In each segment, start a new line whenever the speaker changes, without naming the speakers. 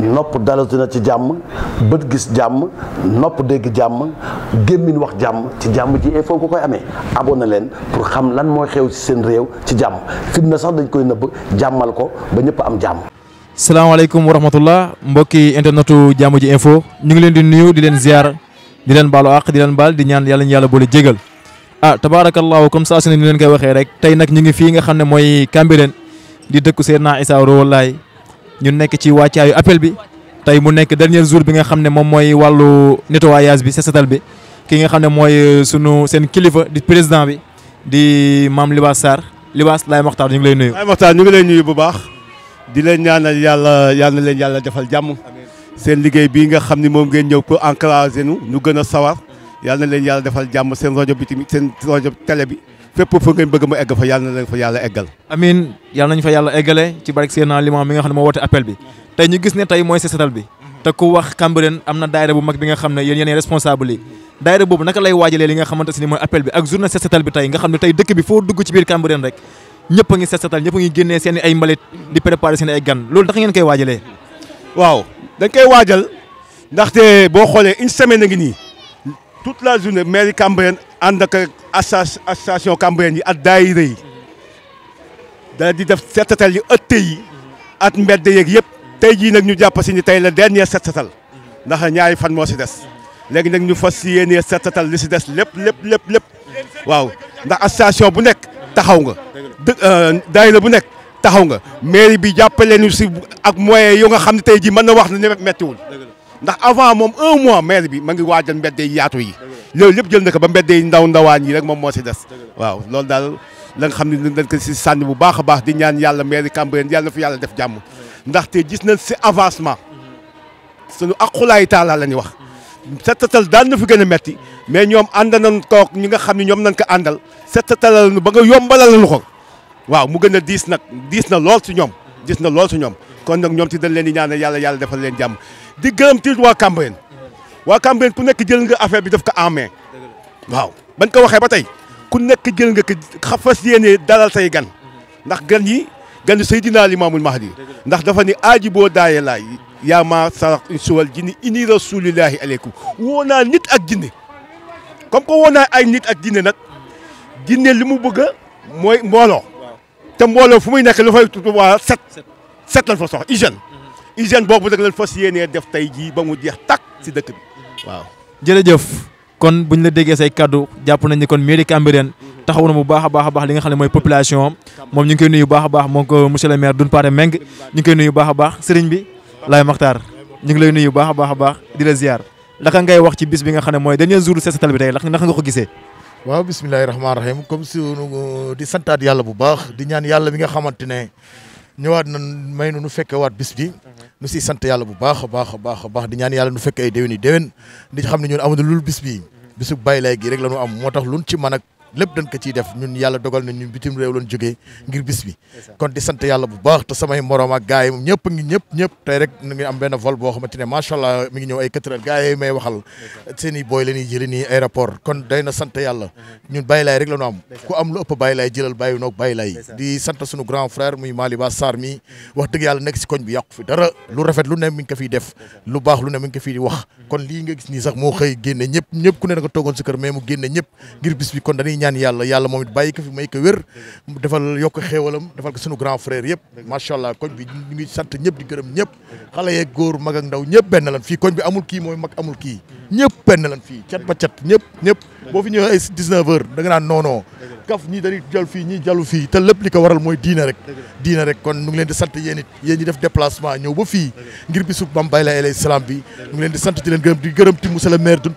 nopp dalatu na ci jàmm bët gis jàmm nopp dégg jàmm gémmiñ wax jàmm ci jàmm ji il ko koy amee abonné leen pour xam lan mooy xew si seen réew ci jàmm fitna sax dañ koy nëbb jàmmal ko ba
ñëpp am jàmm salaamaaleykum wa rahmatullah mbokki internetu jàmm ji info ñu ngi leen di nuyu di leen ziar di leen baalu àq di leen baal di ñaan yàlla ñu yàlla boole jégal ah tabaarakallaahu comme ça su ne ñu leen koy waxee rek tey nag ñu ngi fii nga xam ne mooy Cambérène di dëkku Seydina Issa Rouhou Laye ñu nekk ci wàccaayu appel bi tey mu nekk dernier jour bi nga xam ne moom mooy wàllu nettoyage bi sesetal bi ki nga xam ne mooy euh, sunu seen kilifa di président bi di maam Libaas Sarr Libaas Laay Maxtaar ñu ngi lay nuyu. Laay Maxtaar ñu ngi lay nuyu bu baax
di leen ñaanal yàlla yàlla na leen yàlla defal jàmm seen liggéey bii nga xam ni moom ngeen ñëw pour encourager nu ñu gën a sawar yàlla na leen yàlla defal jàmm seen rajo bi tamit seen rajo télé bi. fépp fa ngeen bëgg mu egg fa yàlla na leen fa yàlla eggal
amin yàlla nañ fa yàlla eggale ci barke Seydina Limam mi nga xam ne moo woote appel bi tey ñu gis ne tey mooy set setal bi te ku wax Cambérène am na daayira bu mag bi nga xam ne yéen yéenay responsable yi daayira boobu naka lay waajale li nga xamante si ni mooy appel bi ak journée set setal bi tey nga xam ne tey dëkk bi foo dugg ci biir Cambérène rek ñëpp a ngi set setal ñëpp ngi génnee boo
xoolee une semaine a ngi tout la journée mairie Cambérène ànd ak association Cambérène yi at daayira yi dana di def set setal yi ëtt yi at mbedd yeeg yëpp tey jii nag ñu jàpp si ni tey la dernier set setal ndax ñaari fan moo si des léegi nag ñu fas si set setal li si des lépp lépp lépp lépp waaw ndax association bu nekk taxaw nga euh, daayira bu nekk taxaw nga mairie bi jàppale ñu si ak moyen yu nga xam ne tey jii mën na wax ne mettiwul ndax avant moom un mois maire bi ma ngi waajal mbedd yi yaatu yi loolu lépp jël na ko ba mbedd yi ndaw ndawaan yi rek moom moo si des waaw loolu daal la nga xam ne dañ ko si sànni bu baax a baax di ñaan yàlla maire Cambérène yàlla na fi yàlla def jàmm ndaxte gis na si avancement suñu aqulaay taala la ñuy wax settatal daan na fi gën a metti mais ñoom ànd nañ toog ñi nga xam ne ñoom nañ ko àndal settatalal nu ba nga yombalal nu ko waaw mu gën a diis nag diis na lool si ñoom diis na lool si ñoom kon nag ñoom ci dañ leen di ñaanal yàlla yàlla defal leen jàmm di gërëm ci waa Cambérène waa Cambérène ku nekk jël nga affaire bi def ko en main waaw bañ ko waxee ba tey ku nekk jël nga ko xafas yéene dalal say gan ndax gan yi gan Seydina Limaamul Mahdi ndax dafa ni aaji boo daayee laay yaa maa sarax suwal jinni inni rasulillahi aleykum woo naa nit ak jinne comme que woo naa ay nit ak jinne nag jinne li mu bëgg mooy mbooloo te mbooloo fu muy nekk lu fay tudd waa set set lañ fa sox hygiène hygiène boobu nag lañ fas yéenee def tey jii ba mu jeex tàkk si dëkk bi
waaw.
jërëjëf kon bu ñu la déggee say kaddu jàpp nañ ni kon mairie Cambérène taxaw na mu baax a baax a baax li nga xam ne mooy population am moom ñu ngi koy nuyu baax a baax moom ko monsieur maire Doudou Pathé Meng ñu koy nuyu baax a baax sëriñ bi Laye Makhtar ñu ngi lay nuyu baax a baax di la ziar laka ngay wax ci bis bi nga xam ne mooy dernier jour setal a tey naka nga ko gisee.
waaw bisimilah bu baax di ñaan yàlla mi nga xamante ne ñëwaat na may nu nu fekkewaat bis bi nu siy sant yàlla bu baax a baax a baax a baax di ñaan yàlla nu fekk ay déwén yi déwén xam ne ñun lul bis bi bisu bàyyi lay gi rek la ñu am moo tax luñ ci mën lépp dañ ko ciy def ñun yàlla dogal na ñun bitim réew lañ jógee ngir bis bi kon di sant yàlla bu baax te samay morom ak gars yi ñëpp ngi ñëpp ñëpp tey rek ñu ngi am benn vol boo xamante ne macha allah mi ngi ñëw ay quatre heures gars yi may waxal seen i booy la ñuy jëli nii aéroport kon day na sant yàlla ñun bàyyi rek la ñu am ku am lu ëpp bàyyi laay jëlal bàyyi noog bàyyi di sant suñu grand frère muy Maliba Sarr mi wax dëgg yàlla nekk si koñ bi yàqu fi lu rafet mi ko fiy def lu mi ngi ko fiy wax kon sax moo xëy génne ñëpp ñëpp ku ne nga toogoon si kër ñaan yàlla yàlla moom it bàyyi ko fi may ko wér defal yokk xéewalam defal ko sunu grand frère yëpp macha allah koñ bi ñu ngi sant ñëpp di gërëm ñëpp xale yeeg góor mag ak ndaw ñëpp benn lan fii koñ bi amul kii mooy mag amul kii ñëpp benn lan fii cat ba cat ñëpp ñëpp boo fi ñëwee ay 19 heures da naan non kaf ñii dañuy jël fii ñii jàllu fii te lépp li ko waral mooy diina rek diina rek kon nu ngi leen di sant yéen it yéen ñëw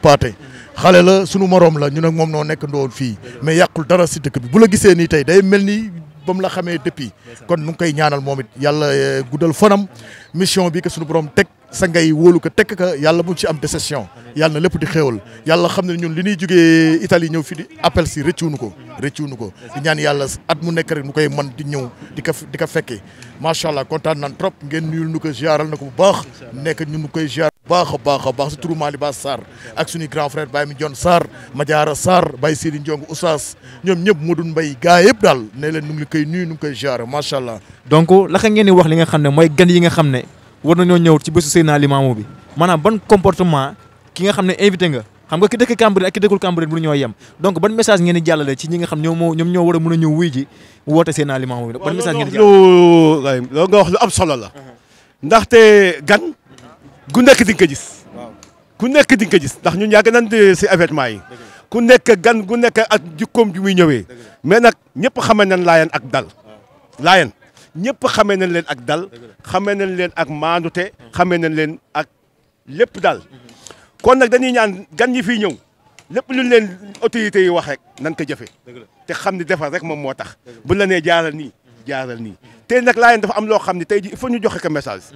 ba fii xale la sunu moroom la ñu nag moom noo nekk ndowoon fii mais yàqul dara si dëkk bi bu la gisee nii tey day mel ni ba mu la xamee depuis kon nu ngi koy ñaanal moom it yàlla eh, guddal fanam mission bi que suñu borom teg sa ngay wóolu ko teg ka yàlla bu ci am déception yàlla lépp di xéewal yàlla xam ne ñun li ñuy jógee Italie ñëw fi di appel si rëccuwunu ko rëccuwunu ko di ñaan yàlla at mu nekk rek nu koy man di ñëw di ko di ko fekkee macha allah kontaan nan trop ngeen nuyul nu ko ziaral na ko bu baax nekk ñun nu koy ziar baax a baax a baax si turu Mali Ba Sarr ak suñu grand frère Baye Midion Sarr Madiara Sarr Baye Sidi Ndiong Oustaz ñoom ñëpp Modou Mbaye gaa yëpp daal ne leen nu ngi koy nuyu nu ngi koy ziar macha allah
donc laka nga xam ne mooy gan yi nga xam ne war nañoo ñëw ci bésu Seydina Limamou bi maanaam ban comportement ki nga xam ne invité nga xam nga ki dëkk Cambérène ak ki dëkkul Cambérène ñoo yem donc ban message ngeen di jàllale ci ñi nga xam ñoom ñoom ñoo war a mën a ñëw wuy ji woote Seydina Limamou bi ban message ngeen di jàllale nga wax lu am
solo la ndaxte gan gu nekk di nga ko gis ku nekk din nga ko gis ndax ñun yàgg nañ si événement yi ku nekk gan gu nekk ak jikkoom ju muy ñëwee mais nag ñëpp xaman nan laayan ak dal laayan ñëpp xamee nañ leen ak dal xamee nañ leen ak maandute xamee nañ leen ak lépp dal kon nag dañuy ñaan gan ñi fi ñëw lépp lu leen autorités yi wax rek nan ko jëfe te xam ni defar rek moom moo tax bu la ne jaaral nii jaaral nii te nag laa yéen dafa am loo xam ne tey ji ñu joxe ko message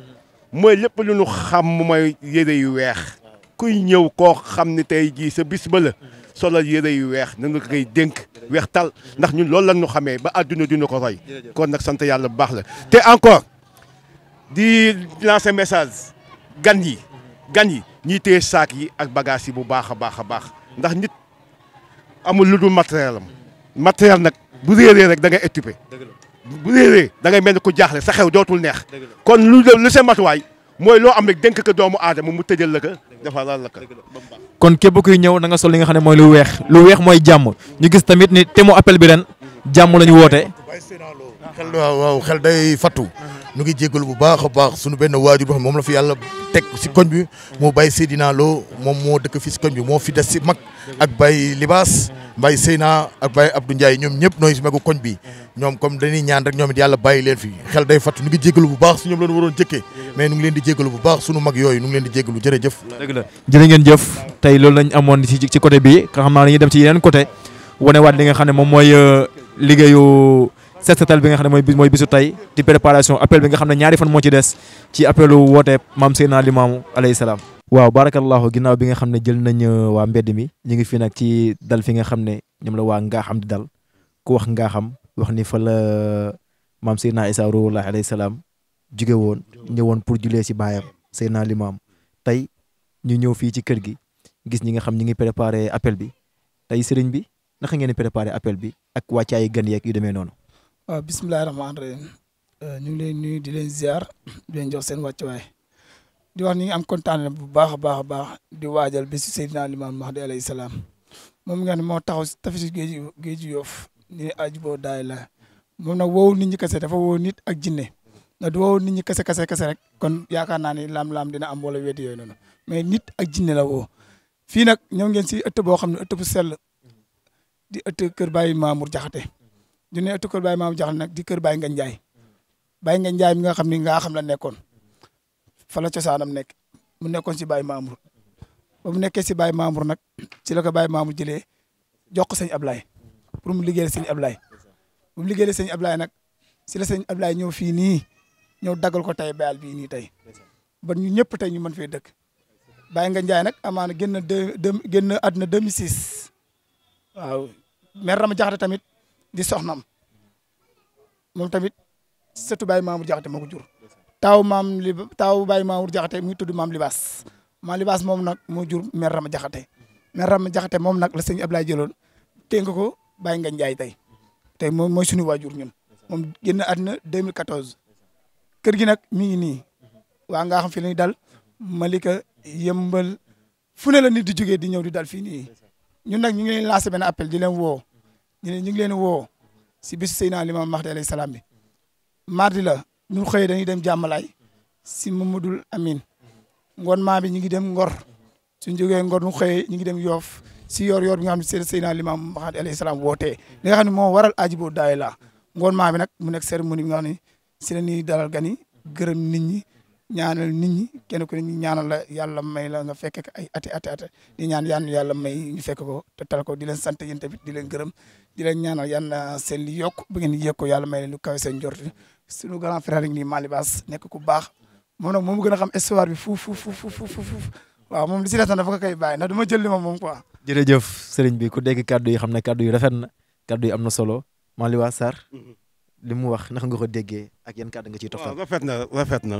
mooy lépp lu ñu xam mooy yére yu weex kuy ñëw koo xam ne tey ji sa bis ba la solal yére yu weex nañu koy dénk weex tal ndax ñun loolu lan ñu xamee ba àdduna dina ko roy kon nag sant yàlla bu baax la te encore di lancer message gan yi gan yi ñiy téye saak yi ak bagage yi bu baax a baax a baax ndax nit amul lu dul matériel am matériel nag bu réeree rek da ngay étupé bu réeree da ngay mel ni ku jaaxle sa xew dootul neex kon lu lu seen matuwaay mooy loo am rek dénk ko doomu aadama mu tëjal la ko dafa laal la ka
kon képp kuy ñëw na nga sol li nga xam ne mooy lu weex lu weex mooy jàmm ñu gis tamit ni te mu appel bi ren jàmm la ñu woote.
xel waaw waaw xel day fattu. ñu ngi jégal bu baax a baax suñu benn waajur boo xam moom la fi yàlla teg si koñ bi moo bàyyi Seydina Lo moom moo dëkk fi si koñ bi moo fi si mag ak bàyyi libaas Mbaye Seyna ak Baye Abdou ñoom ñëpp nooy si magu koñ bi mhm. ñoom comme dañuy ñaan rek ñoom it yàlla bàyyi leen fi xel day fat ñu ngi jégalu bu baax su ñoom ñu waroon jëkkee mais ñu ngi leen di jégalu bu baax suñu mag yooyu
ñu ngi leen di jégalu jërëjëf dëgg la jërë ngeen jëf tey loolu lañ amoon ci ci côté bi nga xam naa dañuy dem ci yeneen côté wane waat li nga xam ne moom mooy euh, liggéeyu set setal bi nga xam ne mooy mooy bisu tey di préparation appel bi nga xam ne ñaari fan moo ci des ci appelu woote maam Seyna Limaamu salaam waaw barakallahu ginnaaw bi nga xam ne jël nañ euh, waa mbedd mi ñu ngi fi nag ci dal fi nga xam ne ñoom la waa Ngaaxam di dal ku wax Ngaaxam wax ni fa la euh, maam Seydina Isa ruuhullaahi alayhi salaam jóge woon ñëwoon pour julee si baayam Seydina Limaam tey ñu ñëw fii ci kër gi gis ñi nga xam ñu ngi préparé appel bi tey sëriñ bi naka ngeen di préparé appel bi ak wàccaayi gan yeeg yu demee noonu.
waaw bisimilah rahmaani euh, ñu ngi leen nuyu di leen ziar di leen jox seen wàccuwaay di wax ni am kontaan bu baax a baax di baax di waajal bési Seydina Limaamu Mahdi alayhi salaam moom nga ne moo taxaw si tafis géeju géeju Yoff ni aji boo daay la moom nag wowul nit ñi kese dafa wow nit ak jinne ndax du wow nit ñi kese kese kese rek kon yaakaar naa ni laam-laam dina am wala wéet yooyu noonu mais nit ak jinne la woo fii nag ñoom ngeen si ëtt boo xam ne ëtt bu sell di ëtt kër Baye Mamour Diakhaté di ne ëtt kër Baye Mamour Diakhaté nag di kër Baye Ngagne Ndiaye Baye Ngagne Ndiaye mi nga xam ni ngaa xam la nekkoon fa la cosaanam nekk mu nekkoon si baay Mamour ba mu nekkee si baay Mamour nag ci la ko Baye Mamour jëlee jox ko sëñ Ablaye pour mu liggéeyal sëñ Ablaye bu mu liggéeyal sëñ Ablaye nag si la sëñ Ablaye ñëw fii nii ñëw daggal ko tey bayal bii nii tey ba ñu ñëpp tey ñu mën fee dëkk Baye nga njaay nag amaana génn deux deux génn àdduna 2006 waaw mère Rama Jaxate tamit di soxnam moom tamit sëtu Baye Mamour Jaxate moo ko jur. taaw maam li taaw Baye Mamour Jaxate muy tudd maam Libaas maam Libaas moom nag moo jur mère ma Jaxate mère ma Jaxate moom nag la sëñ Ablaye jëloon tënk ko Baye Ngagne Ndiaye tey tey moom mooy suñu jur ñun moom génn àddina 2014 kër gi nag mi ngi nii waa nga xam fi lañu dal Malika yëmbal fu ne la nit di jógee di ñëw di dal fii nii ñun nag ñu la leen benn appel di leen woo ñu ne ñu ngi woo si bisu Seydina Limamou Mahdi alayhi salaam bi mardi la ñu xëy dañuy dem jàmmalaay si dul Amine ngoon maa bi ñu ngi dem Ngor suñ jógee Ngor ñu xëy ñu ngi dem Yoof si yoor yoor bi nga xam ne seen Seydina Limaam Mahdi alayhi salaam wootee moo waral ajibo daay la ngoon maa bi nag mu nekk cérémonie bi nga xam ne si la ñuy dalal gani yi gërëm nit ñi ñaanal nit ñi kenn ku ne ñu ñaanal la yàlla may la nga fekk ay ati ati ñaan yaan yàlla may ñu fekk ko te tal ko di leen sant yéen tamit di leen gërëm di leen ñaanal yaan seen li yokk bu ngeen yëg ko yàlla may leen lu kawe seen njort suñu grand frère nii Mali Baas nekk ku baax moom nag moom gën a xam histoire bi fuuf fuuf fuuf fuuf waaw moom li si desoon dafa ko koy bàyyi ndax du ma jël li ma moom quoi.
jërëjëf sëriñ bi ku dégg kàddu yi xam ne kàddu yi rafet na kàddu yi am na solo Mali Baas Sarr li mu wax naka nga ko déggee ak yan kàddu nga ciy toftal. waaw rafet na
rafet na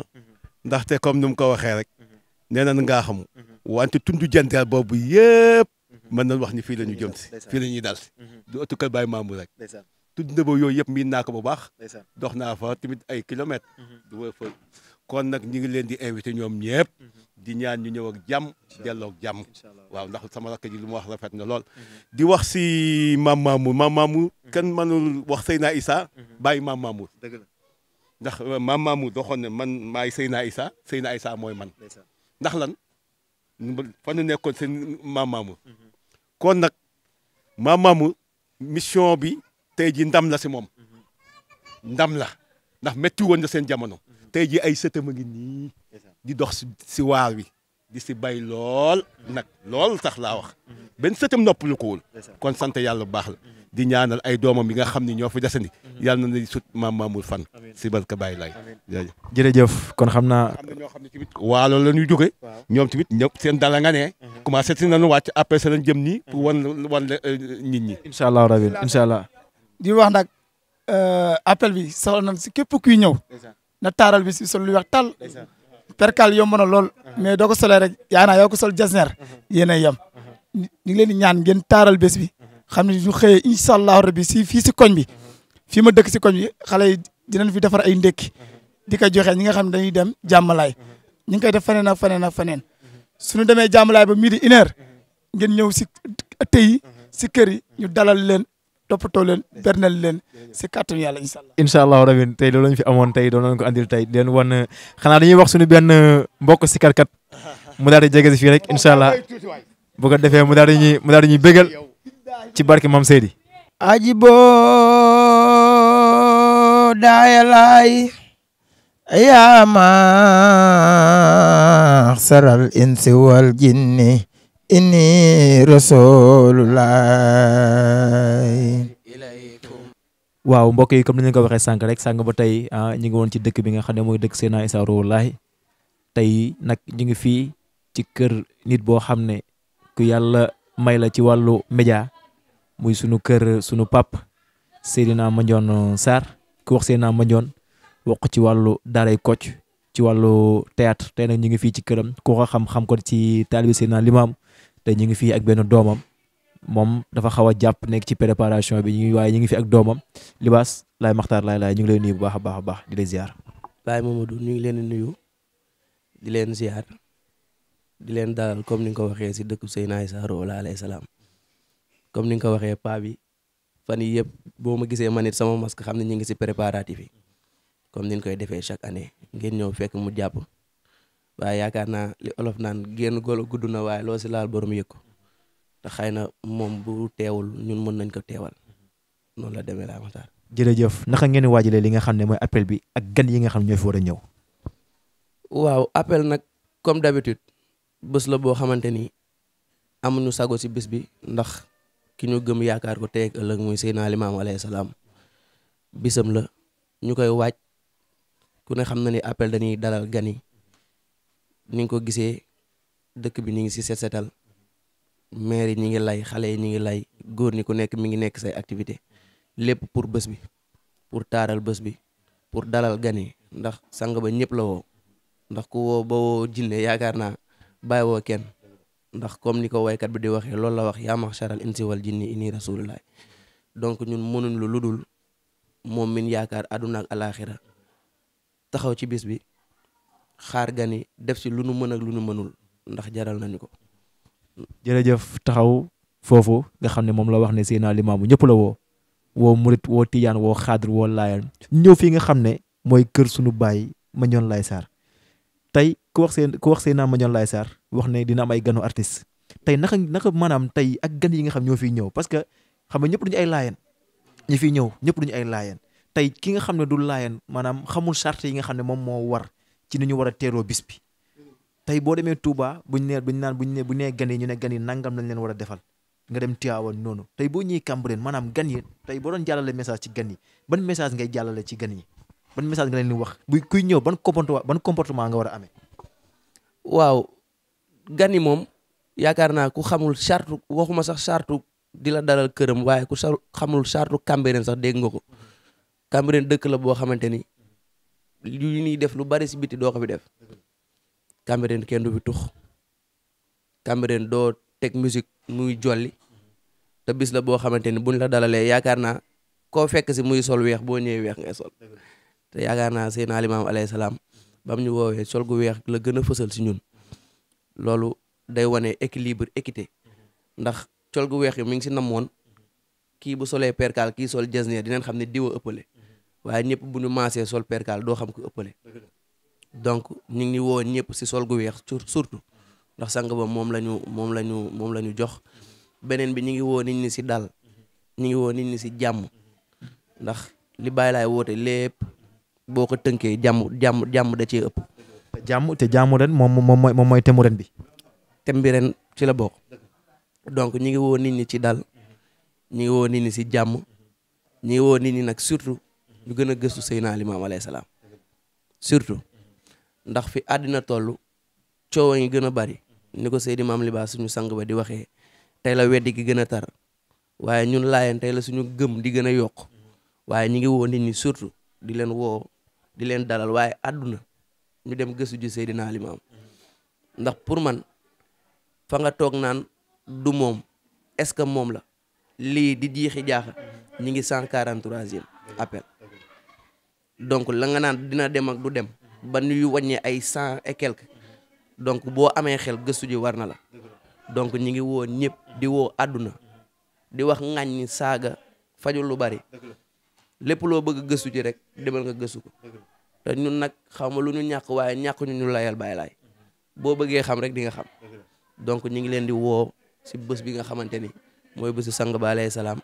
ndaxte comme ni mu ko waxee rek nee na ngaa xam wante tundu jantal boobu yëpp mën nañu wax ni fii la ñu jëm si fii la ñuy dal mhm. du ëttu kër Baye Mamou tudd na yooyu yëpp miin naa ko bu baax. dox naa fa tamit ay kilomètres. Mhm. du ma fa kon nag ñu ngi leen di invité ñoom ñëpp. Mhm. di ñaan ñu ñëw ak jàmm. delloo ak jàmm. waaw ndax sama rakk ji lu ma wax rafet na lool. Mhm. di wax si maam Mamour maam Mamour. kenn mënul wax Seyna Issa. bàyyi maam Mamour. dëgg la ndax euh, maam Mamour doxoon ne man maay Seyna Issa Seyna Issa mooy man. ndax lan fa nu nekkoon seen maam Mamour. kon nag maam Mamour mission bi. tey ji ndam la si moom ndam la ndax métti woon na seen jamono tey ji ay sëtam a ngi nii di dox si si waar wi di si bay lool nag lool sax laa wax benn sëtam noppalu ko wul kon sant yàlla baax la di ñaanal ay doomam yi nga xam ni ñoo fi desandi yàlla na sut maam maamul fan si barka bàyyi laay jërëjëf
kon xam naa am na ñoo xam ne tamit waalo la ñuy jóge
ñoom tamit ñëpp seen dala nga ne uh-huh. commencé si nañu wàcc après sa lañ jëm nii pour uh-huh. wan wan euh, nit ñi incha
allah rabbi incha di wax nag euh, appel bi soxla na si képp kuy ñëw. na taaral bi si sol lu wax tal. percal yomb na lool. Uh-huh. mais doo ko solee rek yaa yoo ko sol jasner uh-huh. yéen a yem. Uh-huh. ñu ngi leen di ñaan ngeen taaral bés bi. xam ne ñu xëyee incha allahu si fii si koñ bi. fii ma dëkk si koñ bi xale yi dinañ fi defar ay ndékki. di ko joxe ñi nga xam ne dañuy dem jàmmalaay. ñu ngi koy def feneen ak feneen ak feneen. suñu demee jàmmalaay ba midi une ngeen ñëw si tey si kër yi ñu dalal leen. toppatoo leen bernal leen si kàttan yàlla incha
allah. incha allah rabin tey loolu lañ fi amoon tey doon nañ ko andil tey di leen wan xanaa dañuy wax suñu benn mbokk si karkat mu daal di jege fii rek incha allah bu ko defee mu daal di ñuy mu daal di ñuy ci barke Mame Seydi.
aji boo daayalaay yaa ma jinni inni rasulullah
waaw mbokk yi comme ni ñu ko waxee sànq rek sànq ba tey ah, ñu ngi woon ci dëkk bi nga xam ne mooy dëkk Seydina Issa Rouhou Laye tey nag ñu ngi fii ci kër nit boo xam ne ku yàlla may la ci wàllu média muy sunu kër sunu pap Seydina Mandione Sarr ku wax Seydina Mandione wax ci wàllu daaray koc ci wàllu théâtre tey nag ñu ngi fii ci këram ku ko xam-xam ko ci taalibe Seydina Limam te ñu ngi fii ak benn doomam moom dafa xaw a jàpp nekk ci préparation bi ñu waaye ñu ngi fi ak doomam libaas laay maxtaar laay laay ñu ngi lay nuyu bu baax a a baax
di lay ziar. laay Mamadou ñu ngi leen di nuyu di leen ziar di leen dalal comme ni nga ko waxee si dëkk Seydina Issa Rouhou Laye alayhi salaam comme ni nga ko waxee paa bi fan yii yëpp boo ma gisee man it sama masque xam ne ñu ngi si préparatif yi comme ni ñu koy defee chaque année ngeen ñëw fekk mu jàpp. waaye yaakaar naa li olof naan génn golo gudd na waaye loo si laal borom yëg ko te xëy na moom bu teewul ñun mën nañ ko teewal noonu la demee laa Matar.
jërëjëf naka ngeen waajalee li nga xam ne mooy appel bi ak gan yi nga xam ñoo fi war a ñëw.
waaw appel nag comme d'habitude bés la boo xamante ni amuñu sago si bés bi ndax ki ñu gëm yaakaar ko tey ak ëllëg muy Seydina Limaamu alayhi salaam bisam la ñu koy waaj ku ne xam na ni appel dañuy dalal gan yi ni nga ko gisee dëkk bi ñu ngi si set setal maire yi ñu ngi lay xale yi ñu ngi lay góor ñi ku nekk mi ngi nekk say activité lépp pour bés bi pour taaral bés bi pour dalal gan ndax sang ba ñëpp la woo ndax ku woo ba yaakaar naa bàyyi woo kenn ndax comme ni ko waykat bi di waxee loolu la wax yaa maxsaral insi wal jinni inni rasulullah donc ñun mënuñ lu dul moom min yaakaar àdduna ak alaaxira taxaw ci bis bi xaar gani def si lu nu mën ak lu nu mënul ndax jaral nañu ko.
jërëjëf taxaw foofu nga xam ne moom la wax ne Seydina Limaamu ñëpp la woo woo Murit woo Tijaan woo Xaadir woo Laayaan ñëw fii nga xam ne mooy sunu baay Mandione Laye Sarr tey ku wax seen ku wax Seydina Mandione Laye Sarr wax ne dina am ganu artiste tey naka naka maanaam tey ak gan yi nga xam ñoo fiy ñëw parce que xam nga ñëpp duñu ay laayeen ñi fiy ñëw ñëpp duñu ay laayeen tey ki nga xam ne du laayeen maanaam xamul charte yi nga xam ne moom moo war ci ni ñu war a teeroo bis bi tey boo demee Touba buñ nee buñ naan buñ ne bu nee gan yi ñu ne gan yi nangam lañ leen war a defal nga dem Tivaouane noonu tey boo ñëwee Cambérène maanaam gan yi tey boo doon jàllale message ci gan ban message ngay jàllale ci gan yi ban message nga leen di wax bu kuy ñëw ban comportement
ban comportement nga war a waaw gan yi moom yaakaar naa ku xamul chartu waxuma sax chartu di la daral këram waaye ku xamul chartu Cambérène sax dégg nga ko Cambérène dëkk la boo xamante ni yu ñuy def lu bari si biti doo ko fi def Cambérène kenn du fi tux Cambérène doo teg musique muy jolli te bis la boo xamante ni buñ la dalalee yaakaar naa koo fekk si muy sol weex boo ñëwee weex ngay sol te yaakaar naa seen alimaam alayhi salaam bam ñu woowee sol gu weex la gën a fësal si ñun loolu day wane équilibre équité ndax sol gu weex yi mi ngi si namoon kii bu solee perkaal kii sol jasneer dinañ xam ne diwa ëppale waaye ñëpp bu ñu maasee sol perkaal doo xam ko ëppale donc ñu ngi woo ñëpp si sol gu weex surtout ndax sang ba moom la ñu moom la moom la ñu jox beneen bi ñu ngi woo nit ñi si dal ñu ngi woo nit ñi si jàmm ndax li bàyyi laay woote lépp boo ko tënkee jàmm jàmm jàmm da cee ëpp.
te jàmm te moom moom mooy moom mooy temu bi.
tem ren ci la bokk donc ñu ngi woo nit ñi ci dal woo nit si jàmm ñu woo nit ñi nag surtout ñu gën a gëstu Seydina Limaam alayhi salaam surtout ndax fi àdduna toll coow yi ngi gën a bari ni ko Seydi Maam Libaas suñu sang ba di waxee tey la weddi gi gën a tar waaye ñun laayeen tey la suñu gëm di gën a yokk waaye ñi ngi woo nit ñi surtout di leen woo di leen dalal waaye àdduna ñu dem gëstu ji Seydina Limaam ndax pour man fa nga toog naan du moom est-ce que moom la lii di jiixi jaaxa ñi ngi cent quarante-troisième appel donc la nga naan dina dem ak du dem ba nuyu wàññee ay cent et donc boo amee xel gëstu ji war na la donc ñi ngi woo ñëpp di woo àdduna di wax ni saaga fajul lu bari lépp loo bëgg gëstu ji rek demal nga gëstu ko ñun nag xaw ma lu ñu ñàkk waaye ñàkk ñu ñu layal bàyyi laay boo bëggee xam rek di nga xam donc ñi ngi leen di woo si bës bi nga xamante ni mooy bésu sang ba alayhi salaam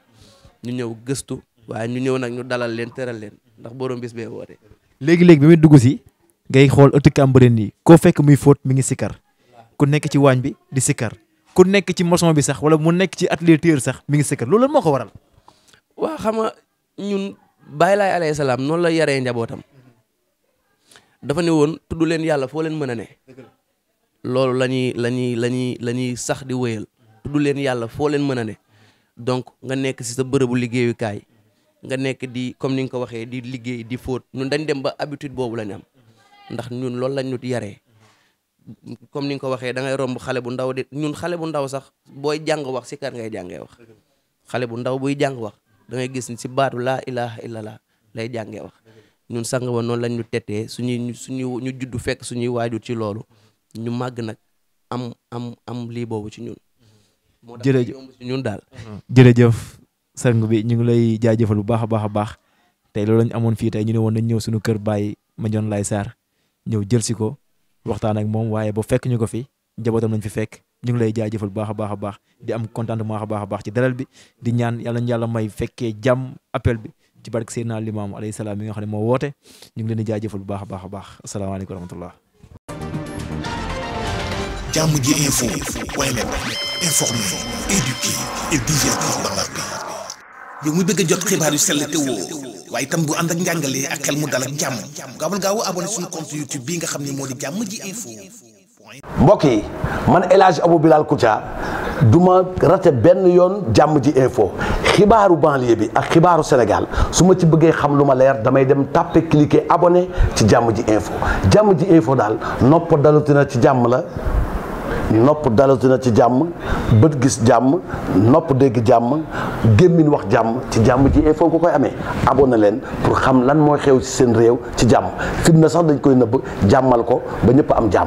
ñu ñëw gëstu waaye ñu ñëw nag ñu dalal leen teral leen ndax borom bis bee woote.
léegi-léegi bi muy dugg si ngay xool ëtt Cambérène yi koo fekk muy fóot mi ngi sikkar ku nekk ci waañ bi di sikar ku nekk ci maçon bi sax wala mu nekk ci atelier sax mi ngi sikkar loolu moo ko waral.
waa xam nga ñun bay Laye alayhi salaam noonu la yaree njabootam dafa ne woon tudd leen yàlla foo leen mën a ne. loolu la ñuy la ñuy la ñuy la ñuy sax di wéyal tudd leen yàlla foo leen mën a ne donc nga nekk si sa bërëbu liggéeyukaay nga nekk di comme ni nga ko waxee di liggéey di fóot ñun dañ dem ba habitude boobu la ñu am ndax ñun loolu lañ ñu yaree comme ni nga ko waxee da ngay romb xale bu ndaw di ñun xale bu ndaw sax booy jàng wax si kar ngay jàngee wax xale bu ndaw buy jàng wax da gis ni si baatu laa ilaha illallah lay jàngee wax ñun sang ba noonu lañ ñu tettee suñuy suñuy ñu juddu fekk suñuy waajur ci loolu ñu màgg nag am am am lii boobu ci ñun. moo tax daal
sang bi ñu ngi lay jaajëfal bu baax a baax a baax tey loolu lañ amoon fii tey ñu ne woon nañ ñëw suñu kër ma Mandione lay Sarr ñëw jël si ko waxtaan ak moom waaye ba fekk ñu ko fi njabootam nañ fi fekk ñu ngi lay jaajëfal bu baax a baax a baax di am contentement baax baax ci dalal bi di ñaan yàlla ñu yàlla may fekkee jàmm appel bi ci barke Seydina Limaamu alayhi salaam mi nga xam ne moo woote ñu ngi leen di jaajëfal bu baax a baax a baax asalaamaaleykum wa ji info
yow mu bëgg a jot xibaar yu sell te woo bu ànd ak njàngalee ak xel mu dal ak gaaw abonné suñu compte nga xam ne moo di jàmm ji info. mbokk yi man El Hadj Abou Bilal Koutia du ma rate benn yoon jàmm ji info xibaaru banlieue bi ak xibaaru Sénégal su ma ci bëggee xam lu ma leer damay dem tàppe cliquer abonné ci jàmm ji info jàmm ji info daal nopp dalutina ci jàmm la. nopp dalatu na ci jàmm bët gis jàmm nopp dégg jàmm gémmiñ wax jàmm ci jàmm ji e foog ko koy amee abonné leen pour xam lan mooy xew ci seen réew ci jàmm fitna sax dañ koy nëbb jàmmal ko ba ñëpp am jàmm